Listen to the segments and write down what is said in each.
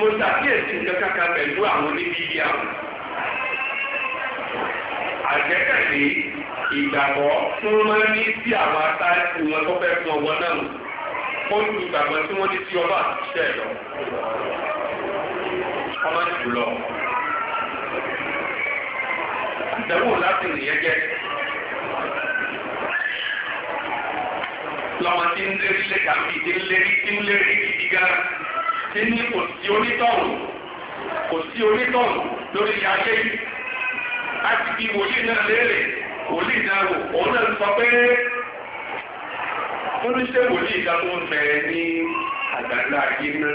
mo ṣàkíyèsí nǹkan kankan pẹ̀lú àwọn oníbíbí àwọn. àgbẹ́kẹ̀lé ìgbàgbọ́ tí wọ́n máa ń ní sí àwọn atáàtì wọn tó fẹ́ fún ọwọ́ náà ó ju ìgbàgbọ́ tí wọ́n ní sí ọba àtúnṣe lọ. ọmọ jù lọ. àtẹ̀wò láti nìyẹn jẹ́. lọ́mọ tí ń lérí lẹ́ka bíi tí ń lérí tí ń lérí gidi gan tí ní kò sí onítọ̀hún kò sí onítọ̀hún lórí ayé yìí láti fi wòlíì náà léèrè wòlíì náà wò òun náà sọ pé wọ́n ní ṣé wòlíì náà tó ń bẹ ní àgbàdo ayé náà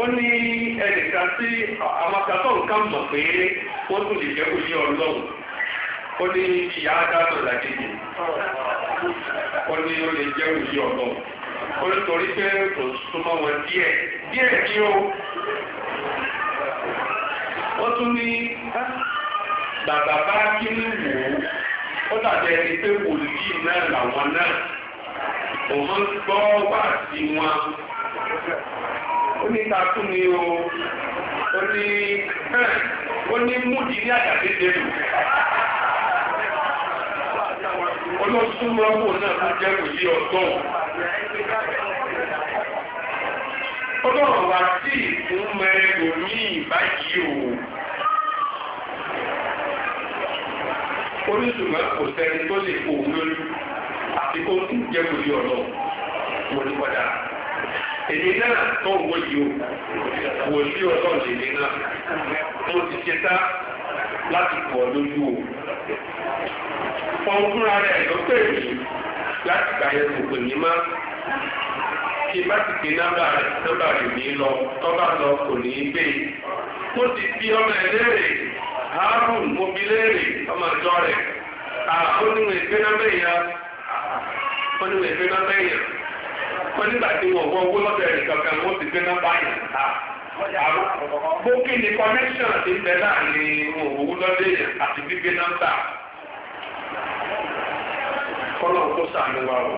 ó ní ẹnìkan sí àwọn akatọ́ nǹkan mọ̀ pé wọ́n tún lè jẹ́ wòlíì ọlọ́run ó ní ìyá adájọ́ làkejì ó ní ó lè jẹ́ wòlíì ọlọ́run olùtorí pé kò súnmọ́ wọn díẹ̀ díẹ̀ ni ó wọ́n tún ní bàbá bá kí ń wò ó ó dàbí ẹni pé wòlíì náà làwọn náà òun gbọ́ wà sí wọn ó ní ká ni o ó ní ó ní múdi ní àjàdédé lò olóṣùwọ́n náà tún jẹ́ wòlíì ọ̀tọ̀ ọlọ́run wa sí ìfún mẹ́rin ní ìbáyìí o. oníṣùgbọ́n kò sẹ́ni tó lè kó òun lórí àti kó tún jẹ́ kò yí ọ̀nà mo ní padà. èmi náà tó ń wọ o wò sí ọ̀nà lèmi náà mo ti ṣe tá láti pọ̀ lójú o. fọ́n fúnra rẹ̀ ló pè láti gbà yẹn kò pè mí má kí n bá ti pè nọ́mbà rẹ̀ nọ́mbà rẹ̀ ní lọ tọ́ba lọ kò ní í gbé. mo ti fi ọmọ ẹ̀ léèrè Harun mo fi léèrè ọmọ ìjọ rẹ̀ oníwèé gbé nọ́mbà ìyá oníwèé gbé nọ́mbà ìyá wọ́n nígbà tí wọ́n wọ́n wọ́n lọ́dọ̀ ẹ̀ kankan wọ́n ti gbé nọ́mbà ìyá. bókì ni connection ti ń bẹ láàrin òwú lọ́dẹ̀ àti gbígbé nọ́mbà kọ́lọ̀ kó sàánú wa o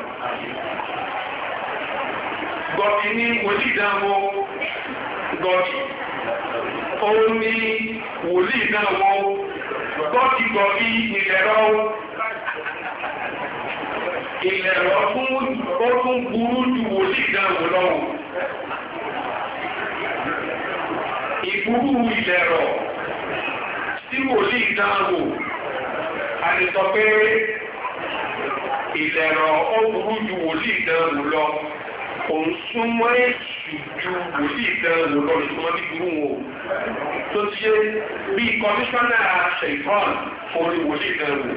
gọ̀dì ní wòlíì ìdánwò gọ̀dì ó ní wòlíì ìdánwò gọ̀dì gọ̀dì ìlẹ̀rọ ìlẹ̀rọ ó tún burú ju wòlíì ìdánwò lọ́wọ́ ìburú ìlẹ̀rọ tí wòlíì ìdánwò àti sọ pé ìlẹ̀rọ ó burú ju wòlíì ìdánwò lọ́wọ́ òun súnmọ́ èsì ju wòlíì ìtẹ́rẹ lò lọ ìsúnmọ́ bí burú wọn o tó ti yé bí kọmíṣánná ṣèkọ́n òun ni wòlíì ìtẹ́rẹ lò.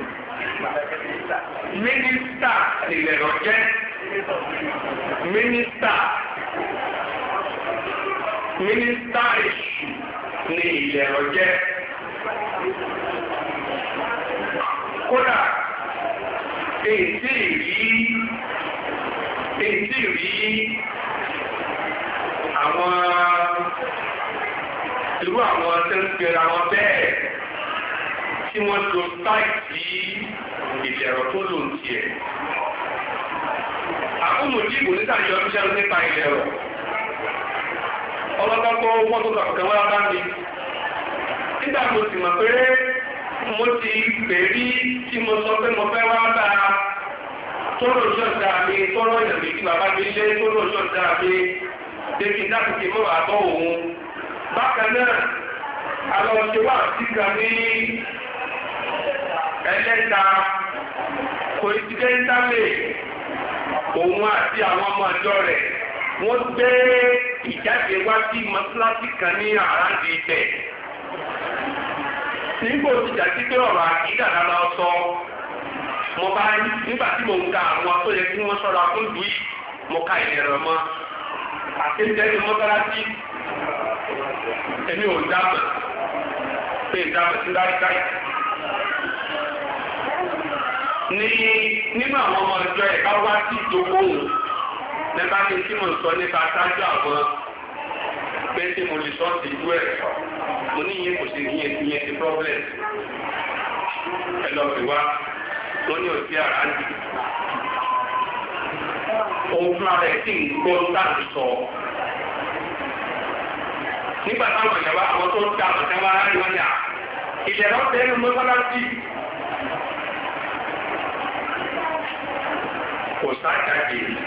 mínísítà nílẹ̀ lọ jẹ́ mínísítà mínísítà èsì ní ilẹ̀ lọ jẹ́ kódà èyí tí èyí èyí rí àwọn irú àwọn tẹ́lifíra wọn bẹ́ẹ̀ tí wọ́n lo táìtì ìdẹ̀rọ̀ tó lò ń tiẹ̀. àkómòdì kò ní sàyọ iṣẹ́ nípa ìdẹ̀rọ̀ ọlọ́dọ́gbọ́ wọ́n tó kàkùkẹ́ wọ́n bá mi nígbà mo sì mọ̀ pé mo ti pè rí tí mo sọ pé mo fẹ́ wá bá tọ́lọ̀ yọ̀ǹda mi tọ́lọ̀ yàn mí bàbá bí lé tọ́lọ̀ yọ̀ǹda mi débi láti mọ́ àbọ̀ òun. bákan náà àwọn ṣèwà ní ẹlẹ́ta kòìtìdẹ́ńtàlè òun àti àwọn ọmọ ọjọ́ rẹ̀ wọ́n gbé ìjáde wá sí kan ní nígbò pé mo bá rí nígbà tí mò ń ka àwọn tó yẹ kí wọ́n sọ̀rọ̀ àkóńdù yìí mo ka ìlera mọ́ àti ń tẹ́lẹ̀ mọ́tàlásí èmi ò dábàá pé ìdábàá ti dárí dárí ní nínú àwọn ọmọ ìjọ ẹ̀ bá wá sí ìdókòwò nípa ní tí mo sọ nípa sáájú àwọn pé tí mo lè sọ sí ìlú ẹ̀ mo ní ìyẹn kò sí ìyẹn ti problem ẹ lọ fi wá tó ní òsì ara ń di. Òun fúnra rẹ̀ sì ń gbọ́ sáàtì sọ. Nígbà táwọn ìjọba àwọn tó ń ta àbùsẹ́ wá rárí wọ́n yà. Ilẹ̀ lọ tẹ́lú mọ́sálásí. Kò sáàjà jèrè.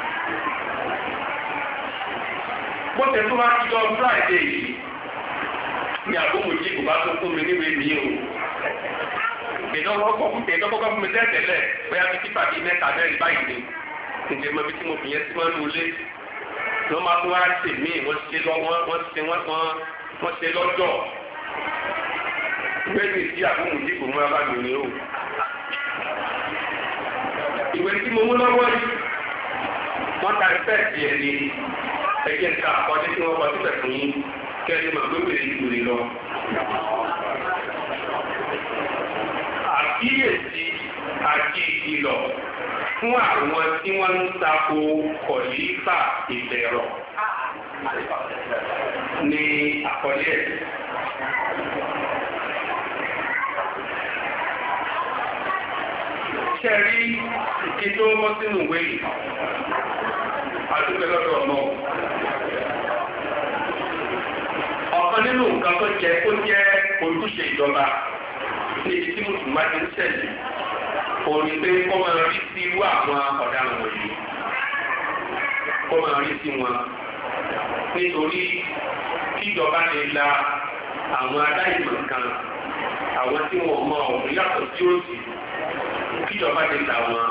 Bó ṣe tó bá ti jọ Friday yìí ni àbúrò jí kò bá tó fún mi níwèé mi o pè lọ́wọ́ kọ́ fún pè lọ́wọ́ kọ́ fún mi lẹ́tẹ̀lẹ̀ bóyá fi tífà bíi mẹ́ta mẹ́rin báyìí ni ǹjẹ́ mo fi tí mo fi yẹn sí mọ́nú ilé ló máa fún wa ṣe mí wọ́n ṣe lọ́wọ́ wọ́n ṣe wọ́n wọ́n ṣe lọ́jọ́ ìwé mi sí àbúrò dìbò mú abájọ ni o ìwé tí mo mú lọ́wọ́ yìí wọ́n ta ẹ̀fẹ́ tiẹ̀ ni ẹ̀jẹ̀ ń ta àkọ́jẹ́ tí wọ́n kọ́ síbẹ̀ fún yín kẹ́lí màgbé wèrè lọ àkíyèsí àti ìkìlọ̀ fún àwọn tí wọ́n ń tako kọ̀lífà ìbẹ̀rọ̀ ní àkọlé ẹ̀. Ṣẹ̀rí kí tó mọ́ sínú ìwé yìí, àdúgbẹ́ lọ́dọ̀ ọmọ. Ọ̀kan nínú nǹkan tó jẹ́ kó jẹ́ ojúṣe ìjọba níbi tí mùsùlùmá ti ń tẹ̀lé òní pé kó máa rí sí irú àwọn ọ̀daràn wọ̀nyí kó máa rí sí wọn nítorí kíjọba lè la àwọn aláìmọ̀ kan àwọn tí wọn mọ ọ̀hún yàtọ̀ sí òsì kíjọba lè la wọn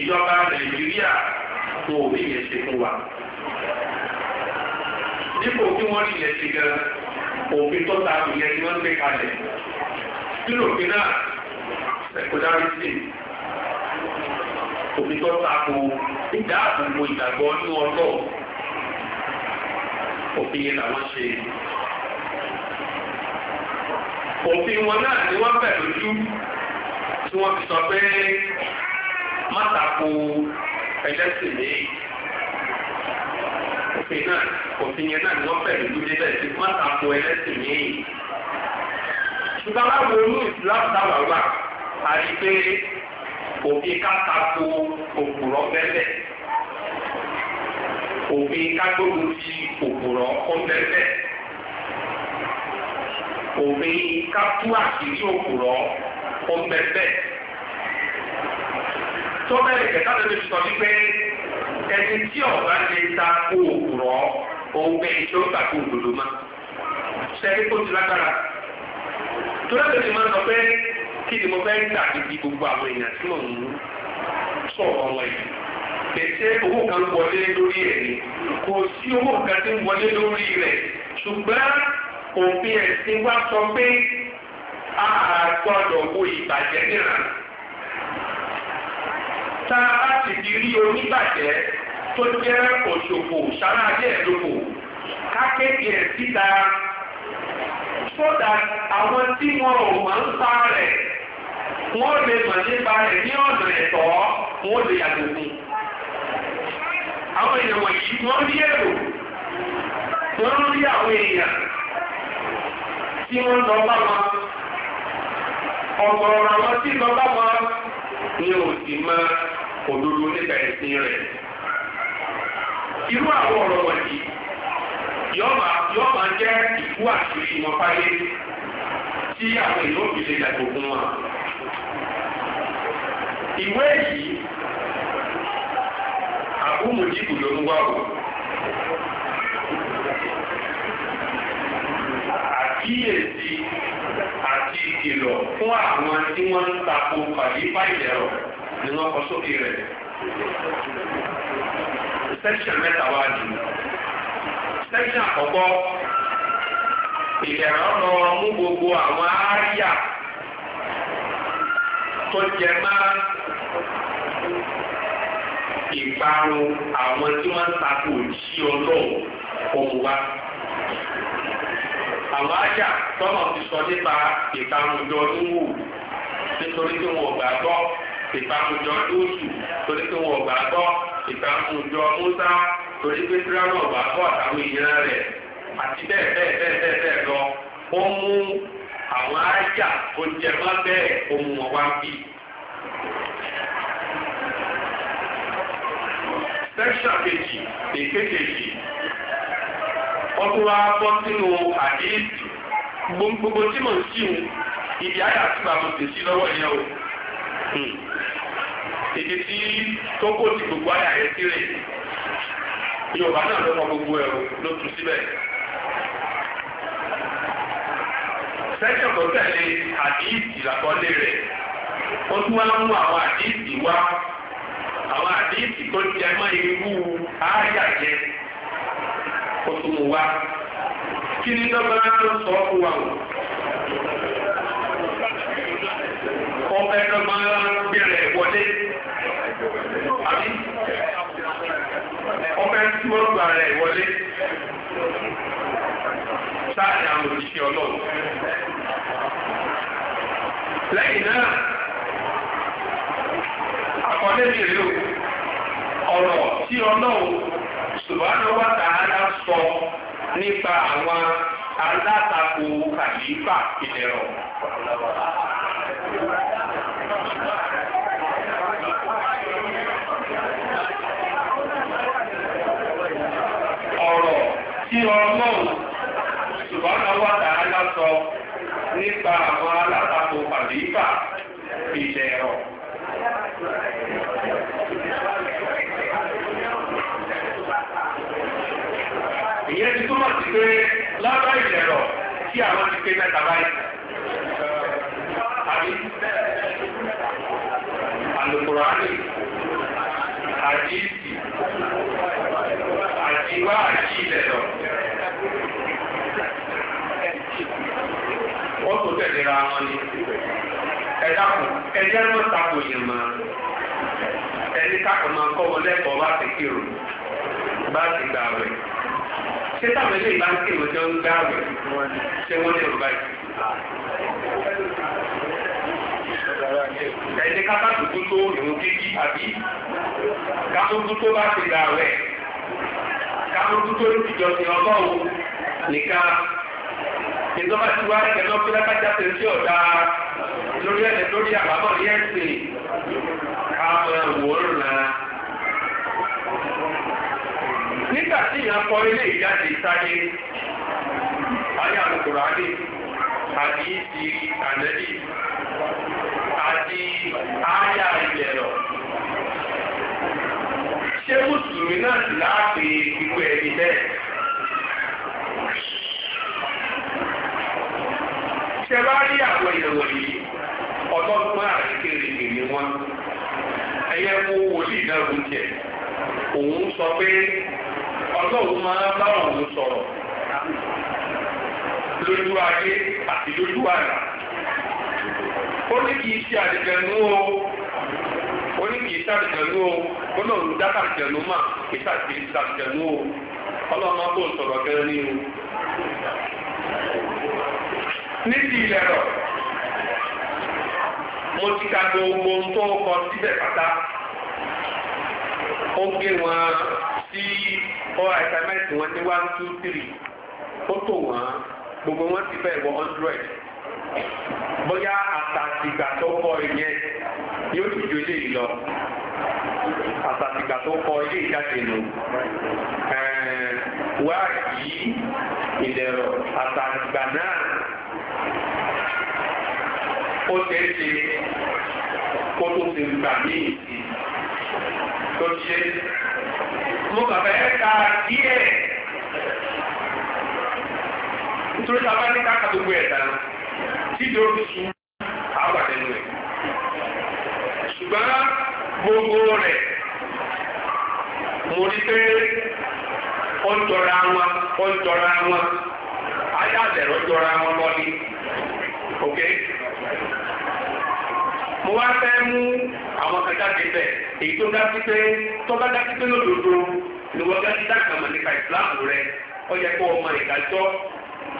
ìjọba nàìjíríà kò ní yẹn ṣe fún wa dípò kí wọ́n rí yẹn ṣe gan-an òfin tó ta àbò yẹn ni wọ́n gbé kalẹ̀ nínú òfin náà sẹkọdárítì òfin tó ta àbò ìdáàbòbò ìgbàgbọ́ ní ọlọ́ òfin yẹn làwọn ṣe òfin wọn náà ni wọ́n bẹ̀ lójú tí wọ́n fi sọ pé má tako ẹlẹ́sìn ní pè náà òfin yẹn náà ni wọ́n bẹ̀rù lóde bẹ́ẹ̀ tí wọ́n ta ko ẹlẹ́sìn yìí. ṣùgbọ́n láwo ní ìsìláàmù táwa wà á rí pé òfin káta ko òpùrọ̀ bẹ́ẹ̀ òfin kágbógun ti òpùrọ̀ kọ́ bẹ́ẹ̀ òfin kátú àṣírí òpùrọ̀ kọ́ bẹ́ẹ̀ tọ́bẹ̀rẹ̀ kẹta lè fi sọ wípé ẹni tí ọba lè ta kó rọ̀ òun bẹ iṣẹ́ ó gbà kó òdodo mọ́. sẹ́ni kó ti lágbára. tó lẹ́gbẹ̀ẹ́ ti máa ń sọ pé kí ni mo fẹ́ ń tà níbi gbogbo àwọn èèyàn tí mò ń sọ̀rọ̀ wọn yìí. pèsè owó kan wọlé lórí ẹ̀ ni kò sí owó kan tí ń wọlé lórí rẹ̀ ṣùgbọ́n òfin ẹ̀sìn wa sọ pé a gbọ́dọ̀ wo ìbàjẹ́ níran. ta a sì ti rí oníbàjẹ́ tó jẹ́ òṣòfò sára ayé ìlòpò kákéèké ẹ̀ síta sódà àwọn tí wọn ò mọ̀ ń pa rẹ̀ wọ́n lè mọ̀ nípa rẹ̀ ní ọ̀nà ẹ̀tọ́ wọ́n lè yàgò fún àwọn èèyàn wọ̀nyí wọ́n rí èrò wọ́n rí àwọn èèyàn tí wọ́n lọ bá wọn ọ̀gọ̀rọ̀ àwọn tí lọ bá wọn ni ò sì mọ òdodo nípa ẹ̀sìn rẹ̀ irú àwọn ọ̀rọ̀ wọ̀nyí yóò máa jẹ́ ìkú àṣírí wọn fáyé tí àwọn èèyàn òbí lè yàgò fún wa. ìwé yìí àbúmùdìbò ló ń wá o. àkíyèsí àti ìkìlọ̀ fún àwọn tí wọ́n ń tako pàdé fáìlẹ̀ rọ̀ ni wọ́n kọ sókè rẹ̀ section mẹ́ta wá di section àkọ́kọ́ ìlera ọmọ mú gbogbo àwọn áríyà tó jẹ máa ìparun àwọn tí wọ́n ń takò sí ọlọ́run ọmọ wa àwọn ájà tọ́mọ̀ ti sọ nípa ìparunjọ níwò nítorí tí wọn ò gbàgbọ́ ìparunjọ lóṣù nítorí tí wọn ò gbàgbọ́ sàmù jọ Musa torí pé fúlàní ọ̀bà kọ́ àtàwọn èèyàn rẹ̀ àti bẹ́ẹ̀ bẹ́ẹ̀ bẹ́ẹ̀ bẹ́ẹ̀ bẹ́ẹ̀ lọ ó mú àwọn ájà tó jẹ má bẹ́ẹ̀ ó mú wọn wá bí. sẹ́kṣà kejì èkékejì wọ́n tún wá bọ́ sínú àdéhìsì gbogbo tí mò ń sí ibi àyà tí bàbá tèsí lọ́wọ́ yẹn o. Hmm èdè tí tó kó ti gbogbo àyà rẹ̀ sílẹ̀ yorùbá náà lọ́mọ gbogbo ẹ̀ ló tún síbẹ̀. sẹ́kọ̀n tó tẹ̀lé àdíìsì làkọ́lé rẹ̀ ó tún wá mú àwọn àdíìsì wá àwọn àdíìsì tó jẹ mọ́ irú àyà jẹ ó tún mú wá kí ni dọ́gba tó sọ fún wa o. ọbẹ̀ dọ́gba bẹ̀rẹ̀ wọlé ọmọ tí wọ́n gba rẹ̀ wọlé sáàdì àwọn òṣìṣẹ́ ọlọ́run lẹ́yìn náà àkọlé mi rèé o ọ̀rọ̀ tí ọlọ́run ṣùgbọ́n wà tààlà sọ nípa àwọn alátakò kàlífà ìdẹ̀rọ̀. ọlọ́run ṣùgbọ́n àwọn àtàrà sọ nípa àwọn alátakò pàdéfà ilẹ̀ ẹ̀rọ. ìyẹn ti túmọ̀ sí pé lábá ilẹ̀ ẹ̀rọ kí àwọn ti pé mẹ́ta báyìí. àbí àlùkùránì àdìsí àdìwá àdìsí ilẹ̀ ẹ̀rọ. wọ́n tó tẹ̀lé ra wọn ni ẹ dákun ẹjẹ́ ló takò yẹn mọ́ ẹni kákan máa kọ́ wọn lẹ́kọ̀ọ́ bá ti kírun bá ti gbà wẹ̀ ṣé táwọn eléyìí bá ń kírun jọ ń gbà wẹ̀ ṣé wọ́n lè rọ̀ báyìí ẹ̀jẹ̀ kápá tuntun tó ìrùn kíkí àbí kátótú tó bá ti gbà rẹ̀ kátótú tó ti jọ sí ọgọ́rùn-ún nìkan ìjọba ti wá ìkẹlọ pé lápájá ṣe sí ọ̀dà lórí ẹ̀ lórí àbábọ̀ ní ẹ̀sìn àwọn ẹ̀wòrán náà. nígbà tí ìyàn kọ ilé ìjáde sáyé ayé àlùkùránì àti ìsì ànẹ́lì àti ayé àìyẹ̀rọ̀ ṣé mùsùlùmí náà sì láàpè gbogbo ẹ̀mí bẹ́ẹ̀. sọ pé ọlọ́run máa bá òun sọ̀rọ̀ lójú ayé àti lójú àná ó ní kì í ṣe àdìjẹ̀nú o ó ní kì í ṣe àdìjẹ̀nú o ọlọ́run dábàá àdìjẹ̀nú mà kì í ṣe àdìjẹ̀nú o ọlọ́run máa bó sọ̀rọ̀ gẹ́gẹ́ ní o. ní ti ilẹ̀ rọ̀ mo ti ka gbogbo ohun tó kọ síbẹ̀ pátá ó gé wọn sí ọ́ àìsàmẹ́sì wọn ní one two three ó tò wọ́n gbogbo wọn ti fẹ́ wọ hundred bóyá àtàtìgbà tó kọ ìyẹn yóò ti ju eléyìí lọ àtàtìgbà tó kọ ilé ìjáde nù wá yìí ìdẹ̀rọ̀ àtàtìgbà náà ó tẹ̀sí kó tó ti gbà ní ìsìn tó ṣe mo kàn fẹ́ ka díẹ̀ nítorí tá a bá ní ká kàtó gbé ẹ̀dá tí ìdó fi su àwọn àtẹnu rẹ̀ ṣùgbọ́n gbogbo rẹ̀ mo rí pé ó ń jọra wọn ó ń jọra wọn ayé àtẹ̀rọ̀ jọra wọn lọ́ni ok mo wá fẹ́ mú àwọn kan jáde bẹ́ẹ̀ èyí tó dá sí pé tó bá dá sí pé lódodo ni wọ́n dá sí dàgbàmọ̀ nípa ìsìláàmù rẹ ó yẹ kó ọmọ ìdájọ́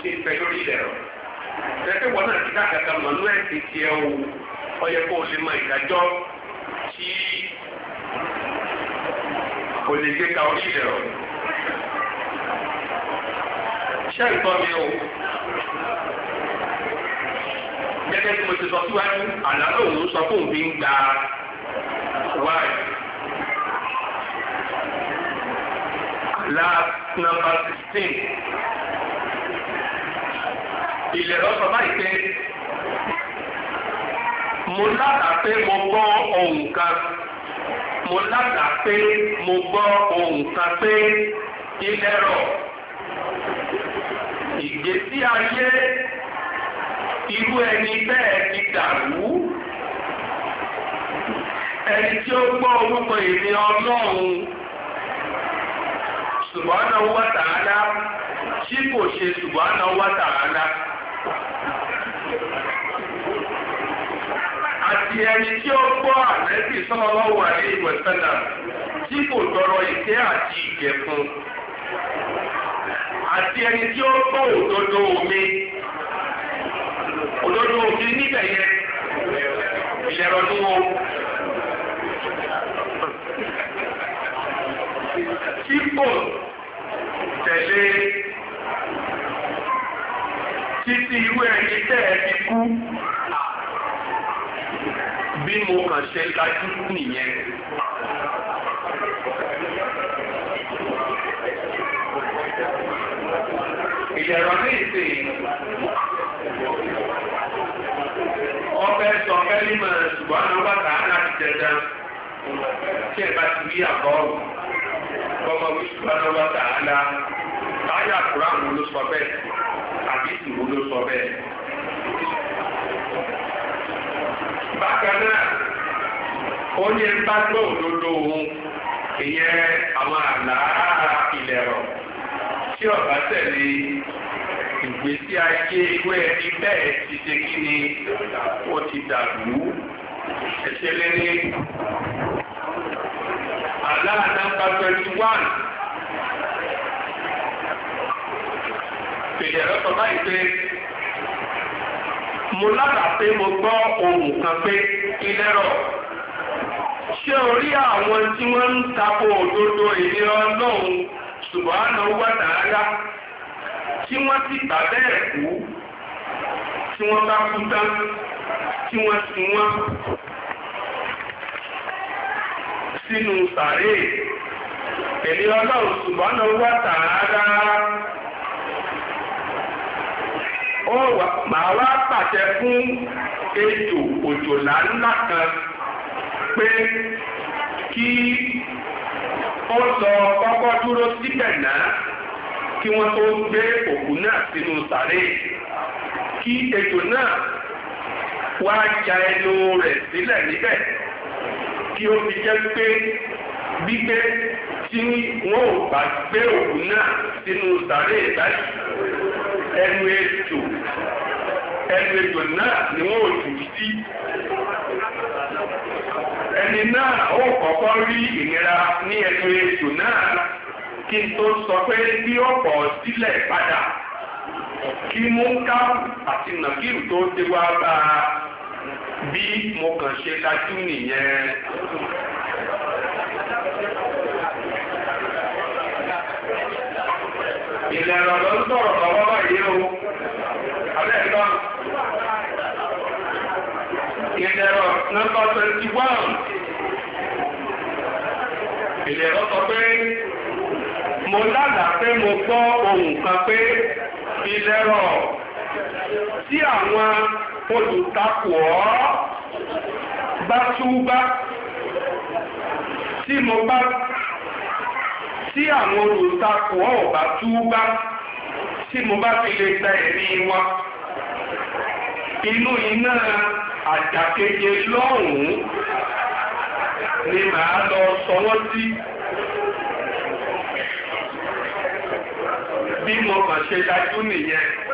ti fẹ́ lórí ilẹ̀ rọ. Ẹgbẹ́ wọn náà ti dàgbàgbà mọ̀ ní ẹ̀sìn tiẹ̀ o ó yẹ kó o lè mọ ìdájọ́ tí kò lè gbé ka orí ilẹ̀ rọ. Ṣé ìtọ́ mi o? Gẹ́gẹ́ bí mo ti sọ síwájú, àlá lòun sọ fóun fi ń gba why. Last number sixteen. Ìlẹ̀rọ sọ báyìí pé mo ládàá pé mo gbọ́ ohùn kan. Mo ládàá pé mo gbọ́ ohùn kan pé ìlẹ̀rọ ìgbésí ayé irú ẹni bẹ́ẹ̀ ti dàrú ẹni tí ó gbọ́ orúkọ èmi ọlọ́run subhanahu wa ta'ala tí kò ṣe subhanahu wa ta'ala. àti ẹni tí ó gbọ́ àlẹ́bí sọ́lọ́wọ́ àlẹ́ ìwẹ̀sẹ̀lá tí kò tọrọ ìkẹ́ àti ìgẹ̀ fún àti ẹni tí ó gbọ́ òdodo omi irú ẹni tẹ́ ẹ ti kú bí mo kàn ṣe lajú nìyẹn. ìyẹ̀rọ ní ìsìn ọbẹ̀ sọ ọbẹ̀ nímọ̀ ṣùgbọ́n àwọn bàtà á láti dẹ̀dẹ̀ tí ẹ̀ bá ti rí àbọ̀ ọ̀rùn kọ́mọ wíṣùgbọ́n bàtà á lá táyà kúránù ló sọ bẹ́ẹ̀ àbí ìlú ló sọ bẹ́ẹ̀. bákan náà ó ní ẹ bá gbọ́ òdodo òun ìyẹn àwọn àlàáhà ilẹ̀ rọ̀ tí ọ̀bá tẹ̀lé ìgbésí ayé ewé ẹni bẹ́ẹ̀ ti ṣe kí ni ó ti dàgbù ẹ̀ṣẹ̀ lẹ́ni. Àlàáhà nàmbà twenty one. ìṣẹ̀lẹ̀ rẹ̀ báyìí pé mo lábàá pé mo gbọ́ ohun kan pé ilẹ̀ rọ̀ ṣé orí àwọn tí wọ́n ń tako òdodo èdè ọlọ́run ṣùgbọ́n wà dáadáa tí wọ́n ti gbà bẹ́ẹ̀ kú tí wọ́n bá kú tán tí wọ́n wọ́n sínú sàárè màá wá pàṣẹ fún ejò òjòlá ńlá kan pé kí ó lọ kọ́kọ́ dúró síbẹ̀ náà kí wọ́n tó gbé òkú náà sínú sàré kí ejò náà wá ja ẹnu rẹ̀ sílẹ̀ níbẹ̀ kí ó fi jẹ́ pé gbígbé tí wọ́n ò bá gbé òkú náà sínú sàré báyìí ẹnu ejò ẹnu ejò náà ni wọ́n ò jù sí. ẹni náà ó kọ́kọ́ rí ìnira ní ẹnu ejò náà kí n tó sọ pé bí ọ̀pọ̀ sílẹ̀ padà kí mú káàpù àti nàkírù tó dé bá a bí mo kàn ṣe lajú nìyẹn. ìlẹ̀rọ̀ ló ń sọ̀rọ̀ nọ́mbà twenty one èdè ẹ̀rọ sọ pé mo lálàá pé mo gbọ́ ohun kan pé ilẹ̀ rọ̀ tí àwọn olùtakò ọ́ bá túbá tí mo bá tí àwọn olùtakò ọ́ bá túbá tí mo bá fi lè gba ẹ̀rí wọn inú iná àjàkéje lọ́hùn-ún ni màá lọ sọwọ́ sí. bí mo mà ṣe dájú nìyẹn.